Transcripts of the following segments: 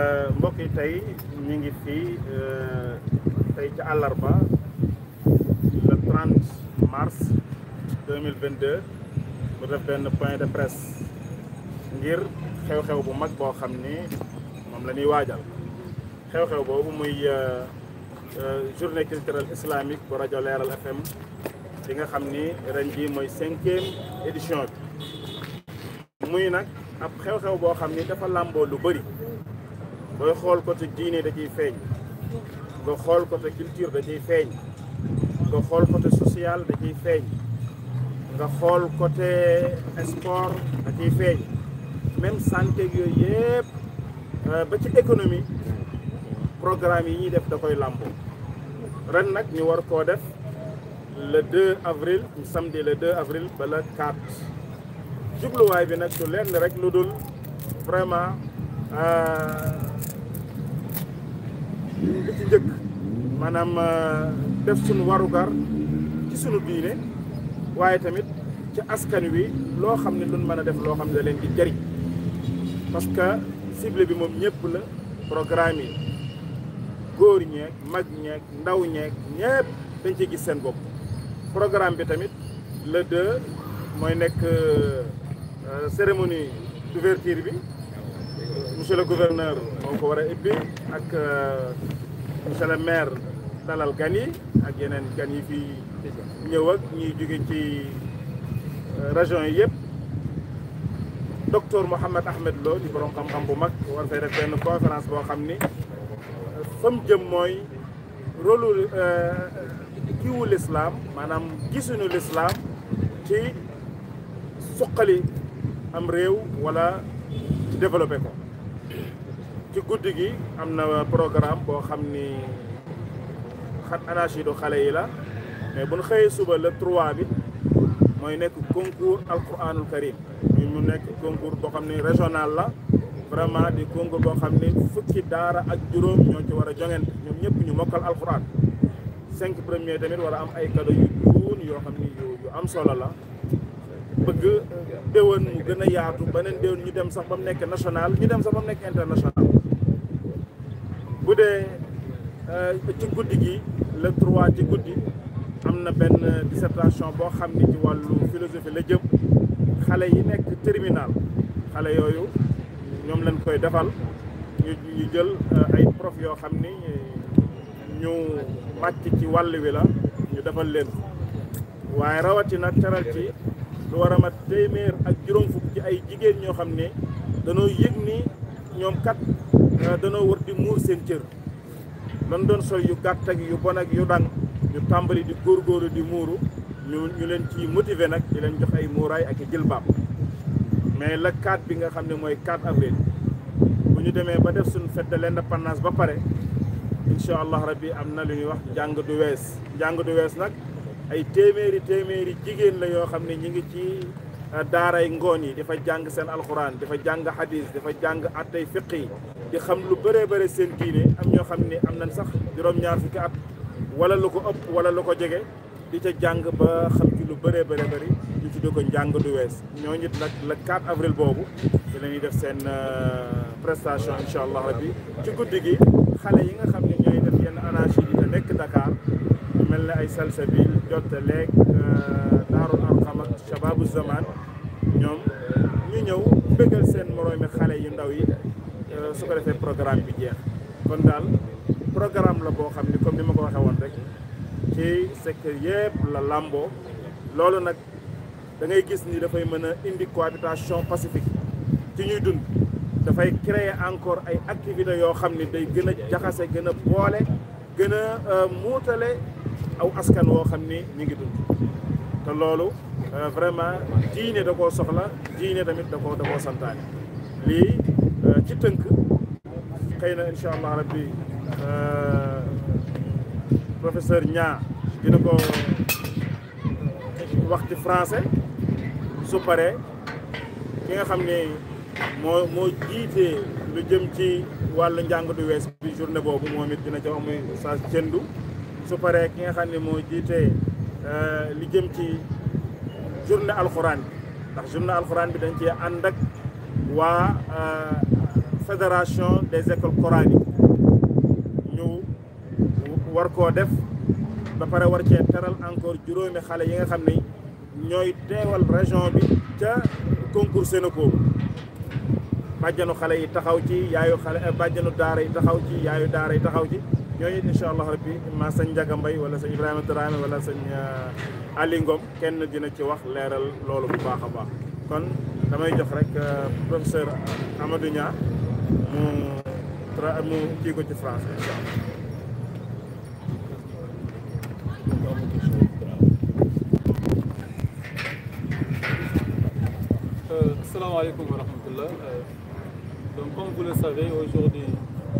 Euh, mbokk yi tey ñu ngi fii euh, tey ci àllarba le 30 mars 2022 mu def benn point de presse ngir xew-xew bu mag boo xam ni moom la ñuy waajal xew-xew boobu muy euh, journée culturelle islamique bu rajo Leeral FM bi nga xam ni ren jii mooy cinquième édition bi muy nag ab xew-xew boo xam ni dafa làmboo lu bëri booy xool côté diine da ciy feeñ nga xool côté culture da ciy feeñ nga xool côté social da ciy feeñ nga xool côté sport da ciy feeñ même santé yooyu yëpp euh, ba ci économie programme yi ñuy def da koy làmp ren nag ñu war koo def le 2 avril ñu le 2 avril ba le 4 jubluwaay bi nag du lenn rek lu dul vraiment euh, li ci njëkk maanaam euh, def suñu warugar ci sunu diine waaye tamit ci askan wi loo xam ne luñ mën a def loo xam ne da leen di jëriñ parce que cible bi moom ñëpp la programme yi góor ñeeg mag ñeek ndaw ñeeg ñëpp dañ ci gis seen bopp programme bi tamit le deux mooy nekk euh, cérémonie d'ouverture bi monsieur le gouverneur moo ko war a ibbi ak euh, monsieur le maire dalal gan yi ak yeneen gan yi fi ñëw ak ñuy jóge ci euh, région yi yëpp docteur Mouhamed Ahmed Lo di borom xam-xam bu mag war fay def benn conférence boo xam ni euh, fam jëm mooy rôlu euh, kiiwu lislaam maanaam gisuñu lislaam ci suqali am réew wala développé ko ci guddi gi am na programme boo xam ni xat anachidu xale yi la mais bu nu xëyee suba la 3 bi mooy nekk concours alquranul karim ñu mu nekk concours boo xam ni régional la vraiment di concours boo xam ni fukki daara ak juróom ñoo ci war a jongante ñoom ñëpp ñu mokkal alquran cinq premier tamit war am ay cadeau yu duun yoo xam ni yu am solo la bëgg déwén mu gën a yaatu beneen déwén ñu dem sax ba mu nekk national ñu dem sax ba mu nekk international bu dee euh, ci guddi gi le trois ci guddi am na benn dissertation boo xam ni ci wàllu philosophie la jëm xale yi nekk terminal xale yooyu ñoom lañ koy defal ñu ñu jël euh, ay prof yoo xam ni ñu màcc ci wàll wi la ñu defal leen waaye rawatina teral ci lu war téeméer ak juróom fukk ci ay jigéen ñoo xam ne danoo yëg ni ñoom kat Eh, danoo war di muur seen cër lan doon sol yu gàtt ak yu bon ak yu dang ñu tàmbali di góor góorgóorlu di muuru ñu ñu leen ci motiver nag di leen jox ay muuraay ak i jilbaab mais la 4 bi nga xam ne mooy 4 avril bu ñu demee ba def suñu fête de l'indépendance ba pare incha allah rab yi am na lu ñuy wax jàng du wees jàng du wees nag ay téeméeri téeméeri jigéen la yoo xam ne ñi ngi ci eh, daaray ngoon yi dafa jàng seen alxuraan dafa jàng hadis dafa jàng attay fiq yi di xam lu bëree bëri seen diine am ñoo xam ni am nañ sax juróom-ñaar fukki at wala lu ko ëpp wala lu ko jege di ca jàng ba xam ci lu bëree bëri bëri di ci ko njàng du wees ñoo ñit nag la 4 avril boobu di la def seen euh, prestation incha allah rabbi ci guddi gi xale yi nga xam ne ñooy def yenn anarchie yi te nekk Dakar mel na ay salsabil jotte leeg euh, daarul arqam ak shababu zaman ñoom ñu ñëw bëggal seen moroomi xale yu ndaw yi su ko defee programme bi jeex kon daal programme la boo xam ni comme ni ma ko waxee woon rek ci secteur yëpp la làmboo loolu nag da ngay gis ni dafay mën a indi cohabitation pacifique ci ñuy dund dafay créer encore ay activité yoo xam ni day gën a jaxase gën a boole gën a euh, muutale aw askan woo xam ni ñu ngi dund te loolu euh, vraiment diine da koo soxla diine tamit da koo santaane lii euh, ci tënk xëy na incha allah rabbi euh, professeur Niang dina ko euh, wax français su paree ki nga xam ni moo moo jiite lu jëm ci wàllu njàng du wees bi journée boobu moom it dina ca amuy sa cëndu su pare ki nga xam ni moo jiite euh, lu jëm ci journée alxuraan bi ndax journée alxuraan bi dañ ci ànd ak waa fédération des écoles coraniques ñu war koo def ba pare war cee teral encore juróomi xale yi nga xam ne ñooy teewal région bi ca concours Sénégal bàjjanu xale yi taxaw ci yaayu xale eh, bàjjanu daara yi taxaw ci yaayu daara yi taxaw ci ñooñu incha allah bi ma sañ Ndiaga Mbaye wala sëñ Ibrahima Dramé wala sëñ eh, Ali Ngom kenn dina ci wax leeral loolu bu baax a baax kon damay jox rek eh, professeur Amadou mu tra mu Donc comme vous le savez, aujourd'hui,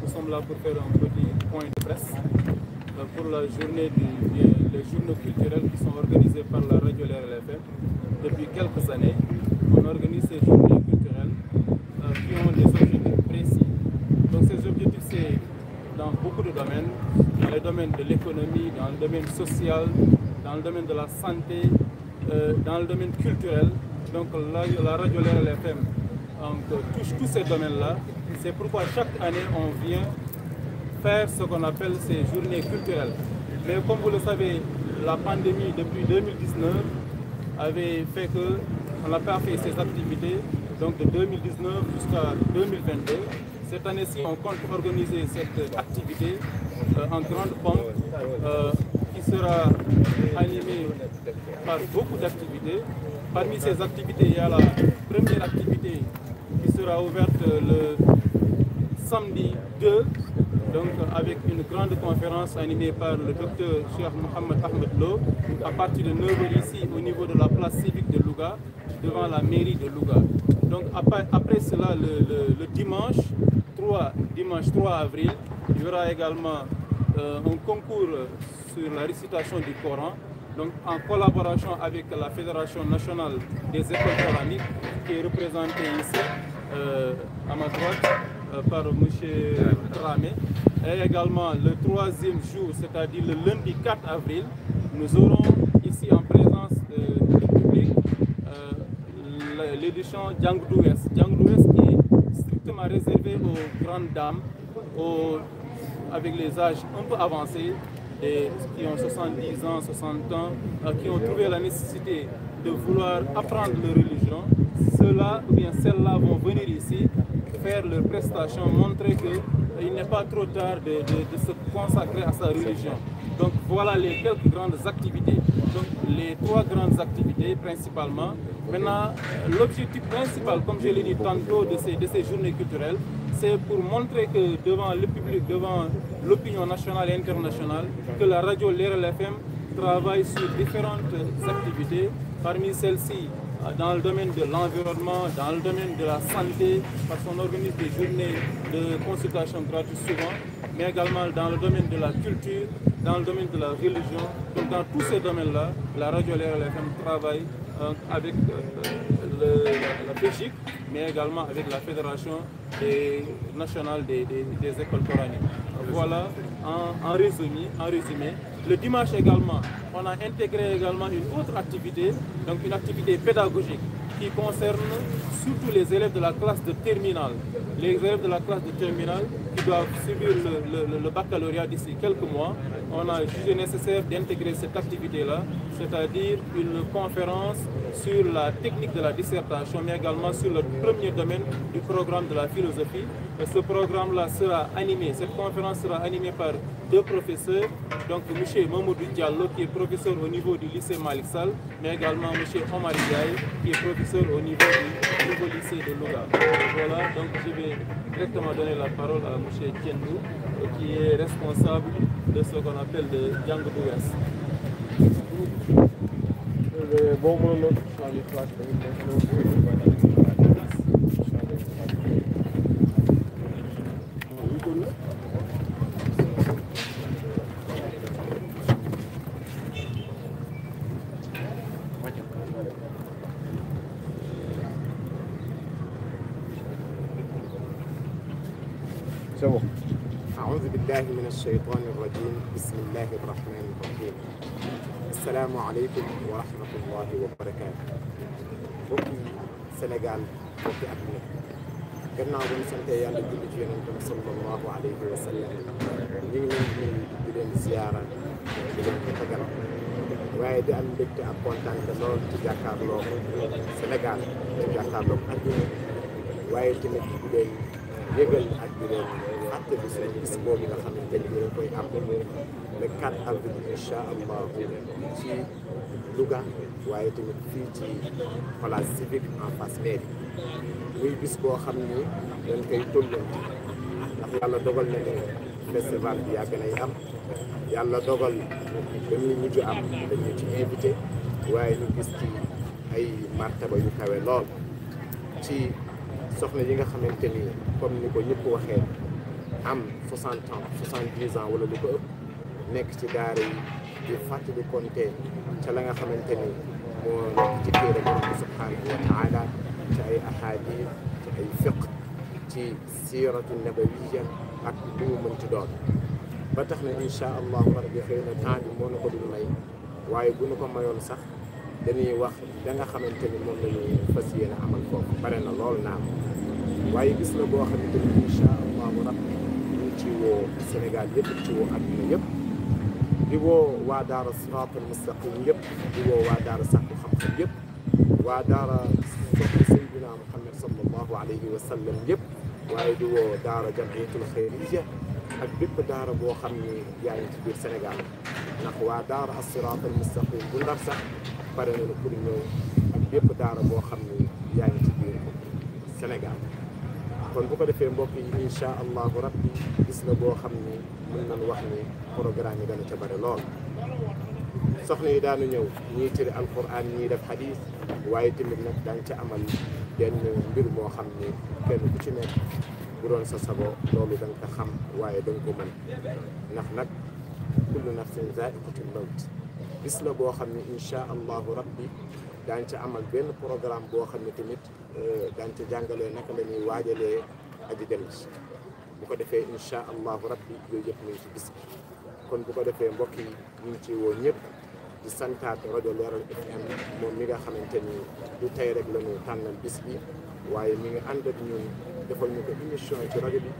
nous sommes là pour faire un petit point de presse euh, pour la journée des les journaux culturels qui sont organisés par la radio Leral FM. Depuis quelques années, on organise ces journées culturelles euh, qui ont des beaucoup de domaines, dans le domaine de l'économie, social, dans le de la santé, euh, dans le domaine Donc la, la radio Leral FM donc, touche tous ces domaines-là. C'est pourquoi chaque année, on vient faire ce qu'on appelle ces journées culturelles. Mais le savez, la pandémie depuis 2019 avait fait que on n'a pas fait ces activités donc de 2019 jusqu'à 2022. Cette année-ci, on compte organiser cette activité euh, en grande pompe euh, qui sera animée par beaucoup d'activités. Parmi ces activités, il y a la première activité qui sera ouverte le samedi 2, donc avec une grande conférence animée par le docteur Cheikh Mohamed Ahmed Lo, à partir de 9 ici au niveau de la place civique de Louga, devant la mairie de Louga. Donc après, après cela, le, le, le, dimanche, 3, dimanche 3 avril, il y aura également euh, un concours sur la récitation du Coran, donc en collaboration avec la Fédération nationale des écoles coraniques, qui est représentée ici, euh, à ma droite, euh, par M. Ramé. Et également le troisième jour, c'est-à-dire le lundi 4 avril, nous aurons ici l'édition Django d'Ouest. Django d'Ouest qui est strictement réservée aux grandes dames, aux, avec les âges un peu avancés, et qui ont 70 ans, 60 ans, euh, qui ont trouvé la nécessité de vouloir apprendre leur religion, ceux-là ou bien celles-là vont venir ici faire leurs prestations, montrer qu'il euh, n'est pas trop tard de, de, de se consacrer à sa religion. Donc voilà les quelques grandes activités. les trois grandes activités principalement. Maintenant, euh, l'objectif principal, comme je l'ai dit tantôt, de ces, de ces journées culturelles, c'est pour montrer que devant le public, devant l'opinion nationale et internationale, que la radio Leral FM travaille sur différentes activités. Parmi celles-ci, euh, dans le domaine de l'environnement, dans le domaine de la santé, parce qu'on organise des journées de consultation gratuites souvent, mais également dans le domaine de la culture, dans le domaine de la religion. dans tous ces domaines-là, la radio Leral FM travaille euh, avec euh, le, la, la Belgique, mais également avec la Fédération nationale des, des, des, écoles coraniques. Voilà, en, en, résumé, en résumé. Le dimanche également, on a intégré également une autre activité, donc une activité pédagogique qui concerne surtout les élèves de la classe de terminale. Les élèves de la classe de terminale qui doivent subir le, le, le baccalauréat d'ici quelques mois, on a jugé nécessaire d'intégrer cette activité-là c'est-à-dire une conférence sur la technique de la dissertation, mais également sur le premier domaine du programme de la philosophie. Et ce programme-là sera animé, cette conférence sera animée par deux professeurs, donc M. Mamoudou Diallo, qui est professeur au niveau du lycée Malik mais également M. Omar qui est professeur au niveau du lycée de Louga. Voilà, donc je vais directement donner la parole à M. Tiendou, qui est responsable de ce qu'on appelle le Django mais boo mënoon a changer place سوا أعوذ بالله من الشيطان الرجيم بسم الله الرحمن الرحيم asalaamaaleykum wa rahmatullahi wa barakaatu mbokki Sénégal mbokki àdduna gannaaw ba ñu sant yàlla julli ci yonentam sallallahu alayhi wa sallam ñu ngi leen di nuyu di leen ziyaara di leen tatagal waaye di am mbégte ak kontaan lool ci jàkkaarloo Sénégal ci jàkkaarloo àdduna waaye tamit di leen yëgal ak di leen fàttali seen bis boobu nga xamante ni ñu koy am le 4 avril incha allah ci Louga waaye tamit fii ci place civique en face mairie muy gis koo xam ni dañ koy tollanti ndax yàlla dogal na ne festival bi yàgg nay am yàlla dogal ba mujj am dañu ci invité waaye ñu gis ci ay martaba yu kawe lool ci soxna yi nga xamante ni comme ni ko ñëpp waxee am 60 ans 70 ans wala lu ko ëpp nekk ci daara yi di fàttali konte ca la nga xamante ni moo nekk ci téere borom bi subhanahu wa taala ci ay ahadis ci ay fiq ci siiratu nabawiya ak lu mu ci doon ba tax na incha allahu rabbi xëy na temps bi moo na ko dul may waaye bu ñu ko mayoon sax dañuy wax da nga xamante ni moom la ñuy fas yéene amal foofu bare na lool naam waaye gis la boo xamante ni incha allahu rabbi ñu ci woo Sénégal yëpp ci woo àdduna yëpp di woo waa daara siraatal mustaqim yëpp di woo waa daara sàkku xam-xam yëpp waa daara sopp sayyidina Muhammad sallallahu alayhi di woo daara jamiyatul xayriya ak bépp daara boo xam ni yaa ngi ci biir Sénégal ndax waa daara as siraatal mustaqim bu ndar sax pare ak bépp daara boo xam ni yaa ngi ci biir Sénégal kon bu ko defee mbokk yi incha allahu rabbi gis la boo xam ni mën nañ wax ni programme yi dana ca bare lool soxna yi daanu ñëw ñii tëri alquran ñii def xadis waaye tamit nag daañ ca amal benn mbir moo xam ni kenn ku ci nekk bu doon sa sabo loolu da nga xam waaye da nga mën ndax nag kullu nafsin zaiqatul mawt gis la boo xam ni incha allahu rabbi daañ ca amal benn programme boo xam ne tamit euh, daañ ca jàngalee naka la ñuy waajalee aji ji bu ko defee incha allahu rabbi yooyu yëpp ñu ci bis bi kon bu ko defee mbokk yi ñu ngi ci woo ñëpp di santaat rajo Leeral FM moom mi nga xamante ni du tey rek la ñu tànnal bis waaye mi ngi ànd ak ñun defal ñu ko émission ci rajo bi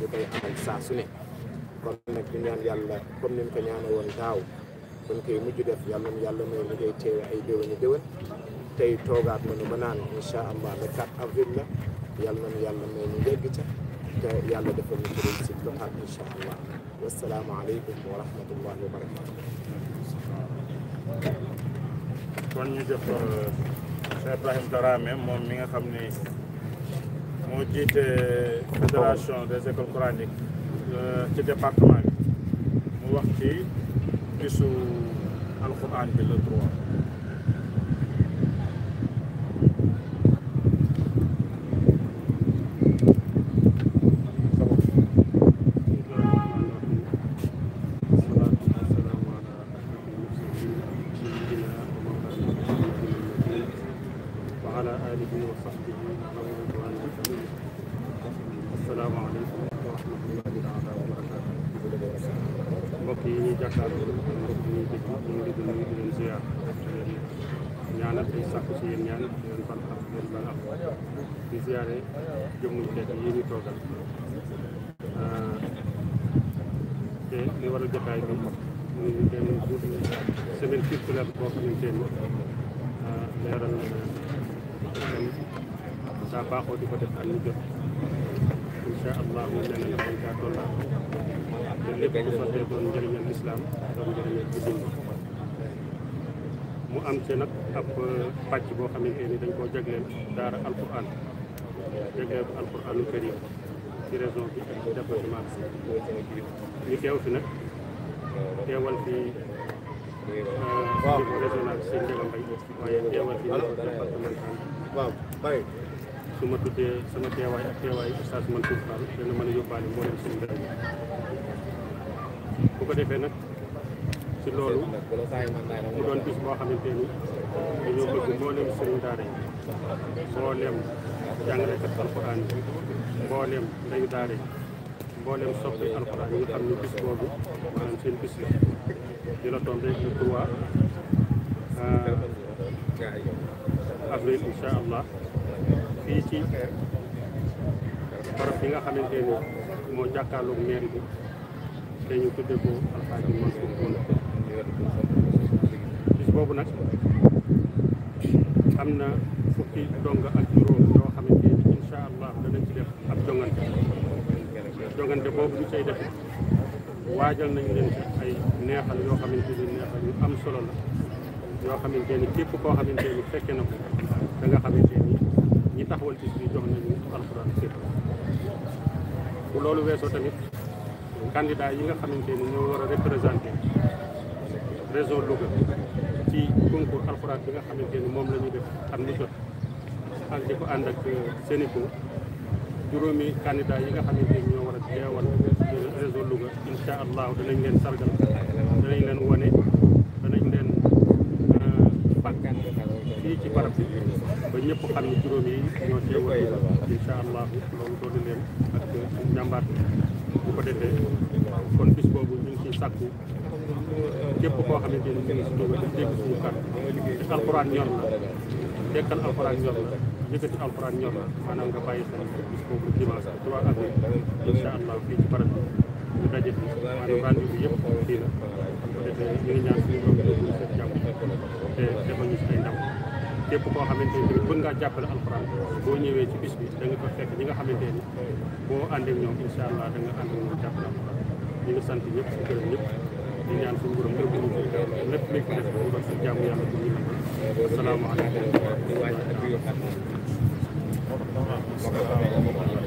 ñu koy amal saa su ne kon nag di ñaan yàlla comme ni mu ko ñaane woon daaw buñ koy mujj def yàlla na yàlla may ñu ay déwéni déwén tey toogaat nañu ba banaan incha allah le 4 avril la yàlla nañu ñu te yàlla defal ñu ci réussite totale incha allah wasalaamaaleykum wa rahmatullahi wa barakatu kon ñu jox euh, Cheikh moom mi nga xam ni moo jiite euh, des écoles euh, mu wax bisu alquran bi le trois mbokk yi ñuy jàkkaarloo mbokk yi ñuy déglu ñu ngi leen di leen ziar di leen ñaanal ay sàkku si yéen ñaan di leen fan ak di leen ban ak di ziare jëmm teet yi ñu toogal euh, te li war a jotaay bi muy benn semaine circulaire boo xamante ni euh, leeral na daa euh, baaxoo di ko def ak ñu jot incha allah mu ne leen dañ kaa tollaa lépp bu sottee doon njëriñal lislaam mu am ci nag ab euh, pàcc boo xamante ni dañ koo jagleel daara alquran jagleel ko alquranul karim ci région bi ak département bi ñu teew fi nag teewal fi niveau euh, régional seen njëga mbay waaye teewal fi niveau départemental su ma tuddee sama teewaay ak teewaayu oustaz Mansour Fall dana mën a yóbbaale moo leen suñu bu ko defee nag ci loolu mu doon bis boo xamante ni dañoo bëgg mboolem sëriñ daara yi mboolem jàngalekat alxuraan yi mboolem ndeyu daara yi mboolem soppi alxuraan yi nga xam ne bis boobu maanaam seen bis la la tombé le 3 euh, avril incha allah fii ci barab bi nga xamante ni moo jàkkaarloog mairie bi te ñu tudde ko Alxaaji Mansour Bouna bis boobu nag am na fukki donga ak juróom yoo xamante ni incha allah danañ ci def ab jongante jongante boobu ñu cay def waajal nañ leen ci ay neexal yoo xamante ni neexal solo la yoo xamante ni képp koo xamante ni fekke na ko xamante ni taxawal ci bi jox nañu alxuraan sëpp loolu weesoo tamit candidat yi nga xamante ni ñoo war a représenté réseau Louga ci concours alxuraan bi nga xamante ni moom la def am ni jot ak di ko ak euh, Sénico juróomi candidat yi nga xamante ni ñoo war a teewal réseau Louga incha allah danañ leen sargal danañ leen wane danañ leen euh, fàggal fii ci barab bi ñëpp xam ne juróom yi ñoo teewal incha allah loolu doon leen ak njàmbaar bu ko defee kon bis boobu ñu ngi képp koo xamante ni ñu ngi te alxuraan ñor na dekkal nga bàyyi sa bis boobu dimanche 3 avril incha allah fii ci barab bi ñu daje fi maanaam rendez-vous bi yëpp fii la bu ko defee ñu ngi ñaan suñu borom ñu ngi seen jàmm te defal ñu si képp koo xamante ni bëgg ngaa jàppale alxuraan boo ñëwee ci bis bi da ko fekk ñi nga xamante ni boo ànd ak ñoom incha allah da nga ànd ñoom jàppale alxuraan ñu ngi sant ñëpp si gërëm ñëpp di ñaan suñu borom lépp lu ñu lépp luñ ko def ñu doon si jàmm yàlla bu ñu nangu asalaamaaleykum wa